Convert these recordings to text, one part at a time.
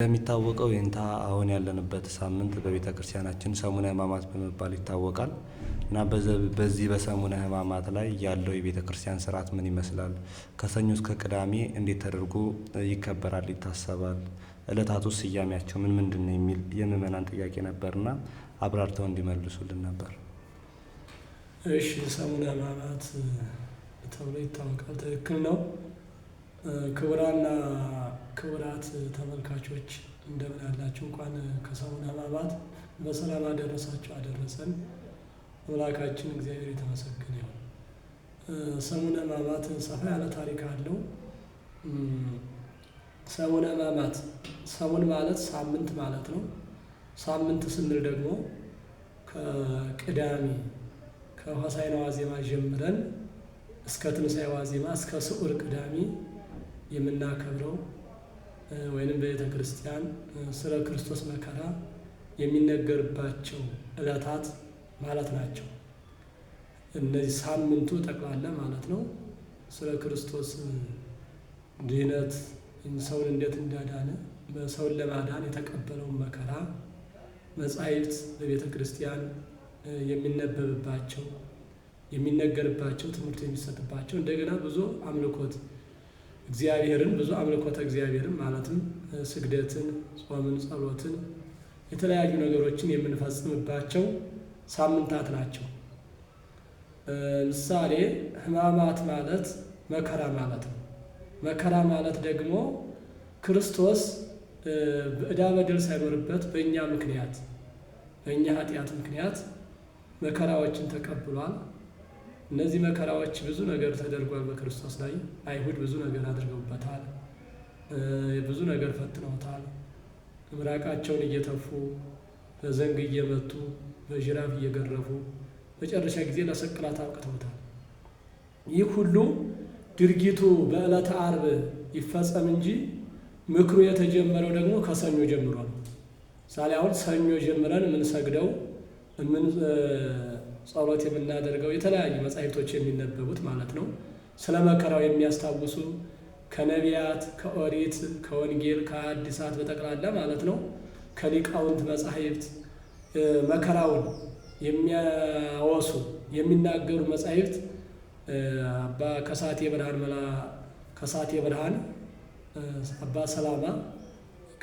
እንደሚታወቀው ይንታ አሁን ያለንበት ሳምንት በቤተክርስቲያናችን ሰሙነ ሕማማት በመባል ይታወቃል እና በዚህ በሰሙነ ሕማማት ላይ ያለው የቤተክርስቲያን ስርዓት ምን ይመስላል? ከሰኞ እስከ ቅዳሜ እንዴት ተደርጎ ይከበራል ይታሰባል? እለታቱ ስያሜያቸው ምን ምንድን ነው? የሚል የምእመናን ጥያቄ ነበርና አብራርተው እንዲመልሱልን ነበር። እሺ ሰሙነ ሕማማት ተብሎ ይታወቃል። ትክክል ነው። ክቡራና ክቡራት ተመልካቾች እንደምን ያላችሁ? እንኳን ከሰሙነ ሕማማት በሰላም አደረሳችሁ አደረሰን። አምላካችን እግዚአብሔር የተመሰገነ ይሁን። ሰሙነ ሕማማት ሰፋ ያለ ታሪክ አለው። ሰሙነ ሕማማት ሰሙን ማለት ሳምንት ማለት ነው። ሳምንት ስንል ደግሞ ከቅዳሜ ከሆሳዕና ዋዜማ ጀምረን እስከ ትንሣኤ ዋዜማ እስከ ስዑር ቅዳሜ የምናከብረው ወይንም በቤተ ክርስቲያን ስለ ክርስቶስ መከራ የሚነገርባቸው እለታት ማለት ናቸው። እነዚህ ሳምንቱ ጠቅላላ ማለት ነው። ስለ ክርስቶስ ድህነት ሰውን እንዴት እንዳዳነ በሰውን ለማዳን የተቀበለውን መከራ መጻሕፍት በቤተ ክርስቲያን የሚነበብባቸው የሚነገርባቸው፣ ትምህርት የሚሰጥባቸው እንደገና ብዙ አምልኮት እግዚአብሔርን ብዙ አምልኮተ እግዚአብሔርን ማለትም ስግደትን፣ ጾምን፣ ጸሎትን የተለያዩ ነገሮችን የምንፈጽምባቸው ሳምንታት ናቸው። ምሳሌ ሕማማት ማለት መከራ ማለት ነው። መከራ ማለት ደግሞ ክርስቶስ በዕዳ በደል ሳይኖርበት በእኛ ምክንያት በእኛ ኃጢአት ምክንያት መከራዎችን ተቀብሏል። እነዚህ መከራዎች ብዙ ነገር ተደርጓል። በክርስቶስ ላይ አይሁድ ብዙ ነገር አድርገውበታል። ብዙ ነገር ፈትነውታል። ምራቃቸውን እየተፉ በዘንግ እየመቱ በጅራፍ እየገረፉ መጨረሻ ጊዜ ለስቅላት አብቅተውታል። ይህ ሁሉ ድርጊቱ በዕለተ አርብ ይፈጸም እንጂ ምክሩ የተጀመረው ደግሞ ከሰኞ ጀምሮ ነው። ምሳሌ አሁን ሰኞ ጀምረን የምንሰግደው ጸሎት የምናደርገው የተለያዩ መጻሕፍቶች የሚነበቡት ማለት ነው። ስለ መከራው የሚያስታውሱ ከነቢያት፣ ከኦሪት፣ ከወንጌል፣ ከአዲሳት በጠቅላላ ማለት ነው ከሊቃውንት መጻሕፍት መከራውን የሚያወሱ የሚናገሩ መጻሕፍት አባ ከሳቴ ብርሃን መላ ከሳቴ ብርሃን አባ ሰላማ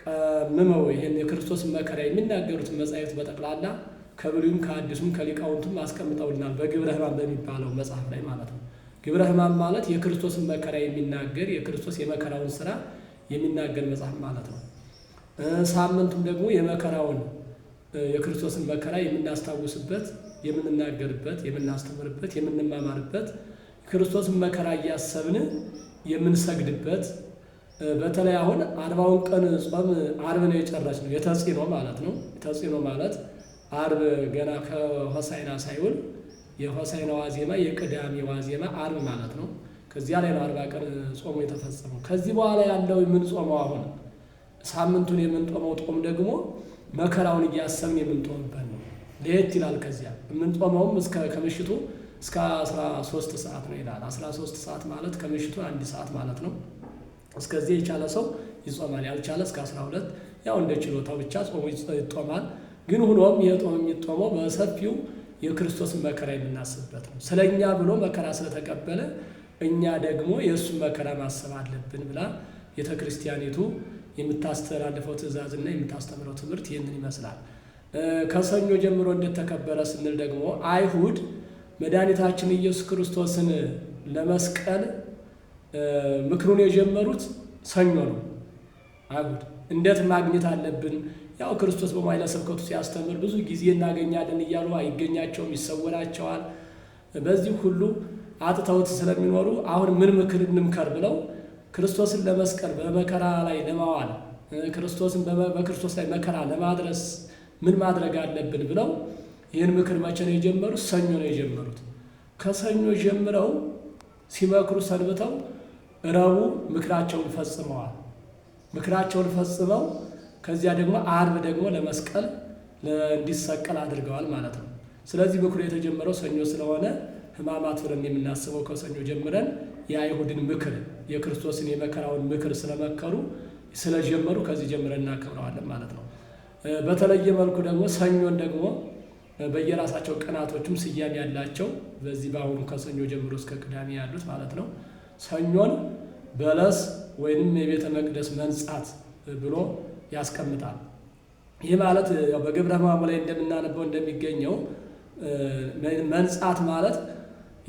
ቀምመው ይህን የክርስቶስ መከራ የሚናገሩትን መጻሕፍት በጠቅላላ ከብሉይም ከአዲሱም ከሊቃውንቱም አስቀምጠውልናል በግብረ ሕማም በሚባለው መጽሐፍ ላይ ማለት ነው። ግብረ ሕማም ማለት የክርስቶስን መከራ የሚናገር የክርስቶስ የመከራውን ስራ የሚናገር መጽሐፍ ማለት ነው። ሳምንቱም ደግሞ የመከራውን የክርስቶስን መከራ የምናስታውስበት፣ የምንናገርበት፣ የምናስተምርበት፣ የምንማማርበት ክርስቶስን መከራ እያሰብን የምንሰግድበት በተለይ አሁን አርባውን ቀን ጾም አርብ ነው የጨረስነው። የተጽኖ ማለት ነው። የተጽኖ ማለት አርብ ገና ከሆሳይና ሳይውል የሆሳይና ዋዜማ የቅዳሜ ዋዜማ አርብ ማለት ነው። ከዚያ ላይ ነው አርባ ቀን ጾሙ የተፈጸመው። ከዚህ በኋላ ያለው የምንጾመው አሁን ሳምንቱን የምንጦመው ጦም ደግሞ መከራውን እያሰብን የምንጦምበት ነው። ለየት ይላል። ከዚያ የምንጦመውም እስከ ከምሽቱ እስከ 13 ሰዓት ነው ይላል። 13 ሰዓት ማለት ከምሽቱ አንድ ሰዓት ማለት ነው። እስከዚህ የቻለ ሰው ይጾማል፣ ያልቻለ እስከ 12 ያው እንደ ችሎታው ብቻ ጾሙ ይጦማል። ግን ሁኖም የጦም የሚጦመው በሰፊው የክርስቶስን መከራ የምናስብበት ነው። ስለ እኛ ብሎ መከራ ስለተቀበለ እኛ ደግሞ የእሱን መከራ ማሰብ አለብን ብላ ቤተ ክርስቲያኒቱ የምታስተላልፈው ትእዛዝና የምታስተምረው ትምህርት ይህንን ይመስላል። ከሰኞ ጀምሮ እንደተከበረ ስንል ደግሞ አይሁድ መድኃኒታችን ኢየሱስ ክርስቶስን ለመስቀል ምክሩን የጀመሩት ሰኞ ነው። አይሁድ እንዴት ማግኘት አለብን ያው ክርስቶስ በማይለ ስብከቱ ሲያስተምር ብዙ ጊዜ እናገኛለን እያሉ አይገኛቸውም፣ ይሰወራቸዋል። በዚህ ሁሉ አጥተውት ስለሚኖሩ አሁን ምን ምክር እንምከር ብለው ክርስቶስን ለመስቀል በመከራ ላይ ለማዋል ክርስቶስን በክርስቶስ ላይ መከራ ለማድረስ ምን ማድረግ አለብን ብለው ይህን ምክር መቼ ነው የጀመሩት? ሰኞ ነው የጀመሩት። ከሰኞ ጀምረው ሲመክሩ ሰንብተው ረቡዕ ምክራቸውን ፈጽመዋል። ምክራቸውን ፈጽመው ከዚያ ደግሞ አርብ ደግሞ ለመስቀል እንዲሰቀል አድርገዋል ማለት ነው። ስለዚህ ምክሩ የተጀመረው ሰኞ ስለሆነ ህማማት ብለን የምናስበው ከሰኞ ጀምረን የአይሁድን ምክር የክርስቶስን የመከራውን ምክር ስለመከሩ ስለጀመሩ ከዚህ ጀምረን እናከብረዋለን ማለት ነው። በተለየ መልኩ ደግሞ ሰኞን ደግሞ በየራሳቸው ቀናቶችም ስያሜ ያላቸው በዚህ በአሁኑ ከሰኞ ጀምሮ እስከ ቅዳሜ ያሉት ማለት ነው። ሰኞን በለስ ወይንም የቤተ መቅደስ መንጻት ብሎ ያስቀምጣል። ይህ ማለት በግብረ ሕማሙ ላይ እንደምናነበው እንደሚገኘው መንጻት ማለት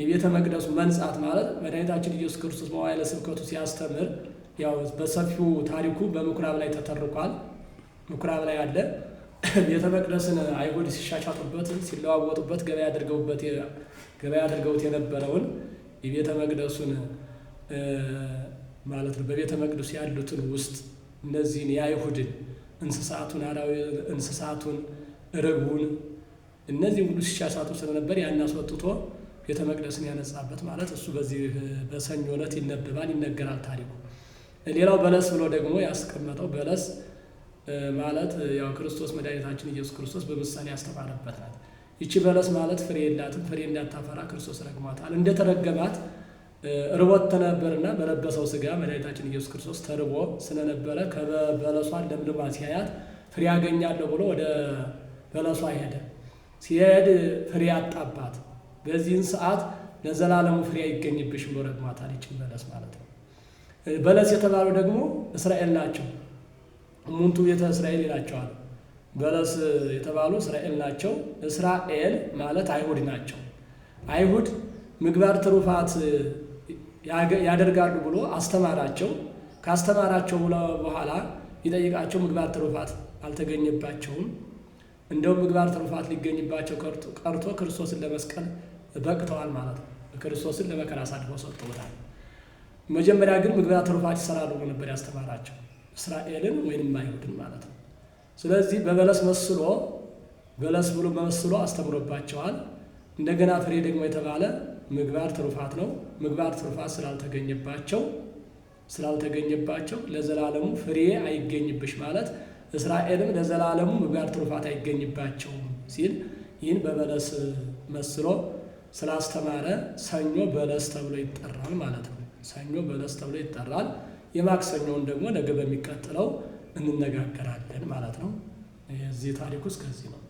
የቤተ መቅደሱ መንጻት ማለት መድኃኒታችን ኢየሱስ ክርስቶስ መዋዕለ ስብከቱ ሲያስተምር ያው በሰፊው ታሪኩ በምኩራብ ላይ ተተርኳል። ምኩራብ ላይ አለ። ቤተ መቅደስን አይሁድ ሲሻሻጡበት፣ ሲለዋወጡበት ገበያ አድርገውበት ገበያ አድርገውት የነበረውን የቤተ መቅደሱን ማለት ነው በቤተ መቅደሱ ያሉትን ውስጥ እነዚህን የአይሁድን እንስሳቱን፣ አራዊ እንስሳቱን፣ ርግቡን እነዚህ ሁሉ ሲሻሳቱ ስለነበር ያን አስወጥቶ ቤተ መቅደስን ያነጻበት ማለት እሱ በዚህ በሰኞ ዕለት ይነበባል፣ ይነገራል ታሪኩ። ሌላው በለስ ብሎ ደግሞ ያስቀመጠው በለስ ማለት ያው ክርስቶስ መድኃኒታችን ኢየሱስ ክርስቶስ በምሳሌ ያስተማረበት ናት። ይቺ በለስ ማለት ፍሬ የላትም፣ ፍሬ እንዳታፈራ ክርስቶስ ረግሟታል። እንደተረገማት ርቦት ተነበርና በለበሰው ስጋ መድኃኒታችን ኢየሱስ ክርስቶስ ተርቦ ስለነበረ ከበለሷ ለምልማ ሲያያት ፍሬ ያገኛለሁ ብሎ ወደ በለሷ ሄደ። ሲሄድ ፍሬ አጣባት። በዚህን ሰዓት ለዘላለሙ ፍሬ አይገኝብሽ ብሎ ረግማታል። ይችን በለስ ማለት ነው። በለስ የተባሉ ደግሞ እስራኤል ናቸው። እሙንቱ ቤተ እስራኤል ይላቸዋል። በለስ የተባሉ እስራኤል ናቸው። እስራኤል ማለት አይሁድ ናቸው። አይሁድ ምግባር ትሩፋት ያደርጋሉ ብሎ አስተማራቸው። ካስተማራቸው በኋላ ይጠይቃቸው ምግባር ትሩፋት አልተገኘባቸውም። እንደውም ምግባር ትሩፋት ሊገኝባቸው ቀርቶ ክርስቶስን ለመስቀል በቅተዋል ማለት ነው። ክርስቶስን ለመከራ አሳልፈው ሰጥተውታል። መጀመሪያ ግን ምግባር ትሩፋት ይሰራሉ ነበር ያስተማራቸው እስራኤልን ወይንም አይሁድን ማለት ነው። ስለዚህ በበለስ መስሎ በለስ ብሎ መስሎ አስተምሮባቸዋል። እንደገና ፍሬ ደግሞ የተባለ ምግባር ትሩፋት ነው። ምግባር ትሩፋት ስላልተገኘባቸው ስላልተገኘባቸው ለዘላለሙ ፍሬ አይገኝብሽ ማለት እስራኤልም ለዘላለሙ ምግባር ትሩፋት አይገኝባቸውም ሲል ይህን በበለስ መስሎ ስላስተማረ ሰኞ በለስ ተብሎ ይጠራል ማለት ነው። ሰኞ በለስ ተብሎ ይጠራል። የማክሰኞውን ደግሞ ነገ በሚቀጥለው እንነጋገራለን ማለት ነው። የዚህ ታሪክ ውስጥ ከዚህ ነው።